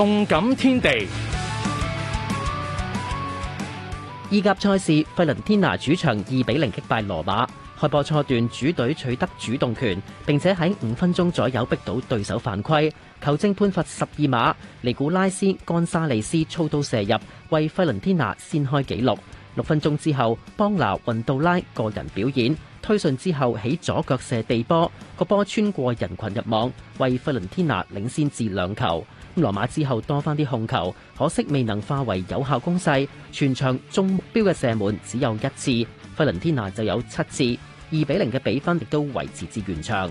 動感天地，意甲賽事，費倫天拿主場二比零擊敗羅馬。開波初段，主隊取得主動權，並且喺五分鐘左右逼到對手犯規，球證判罰十二碼。尼古拉斯干沙利斯操刀射入，為費倫天拿先開紀錄。六分鐘之後，邦拿運杜拉個人表演，推進之後起左腳射地波，個波穿過人群入網，為費倫天拿領先至兩球。羅馬之後多翻啲控球，可惜未能化為有效攻勢，全場中目標嘅射門只有一次，費倫天拿就有七次，二比零嘅比分亦都維持至完場。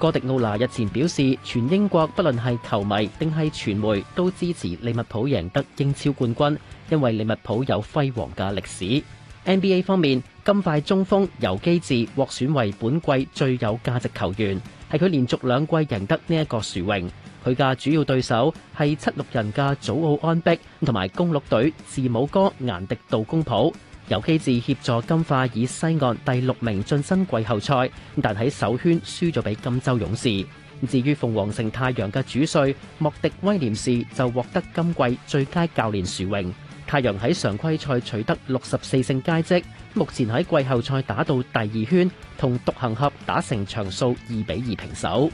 哥迪奧拿日前表示，全英國不論係球迷定係傳媒都支持利物浦贏得英超冠軍，因為利物浦有輝煌嘅歷史。NBA 方面，金塊中鋒尤基治獲選為本季最有價值球員，係佢連續兩季贏得呢一個殊榮。佢嘅主要對手係七六人嘅祖奧安碧，咁同埋公鹿隊字母哥、顏迪道公普。尤基治協助金塊以西岸第六名晉身季後賽，咁但喺首圈輸咗俾金州勇士。咁至於鳳凰城太陽嘅主帥莫迪威廉士就獲得今季最佳教練殊榮。太陽喺常規賽取得六十四勝佳績，目前喺季後賽打到第二圈，同獨行俠打成場數二比二平手。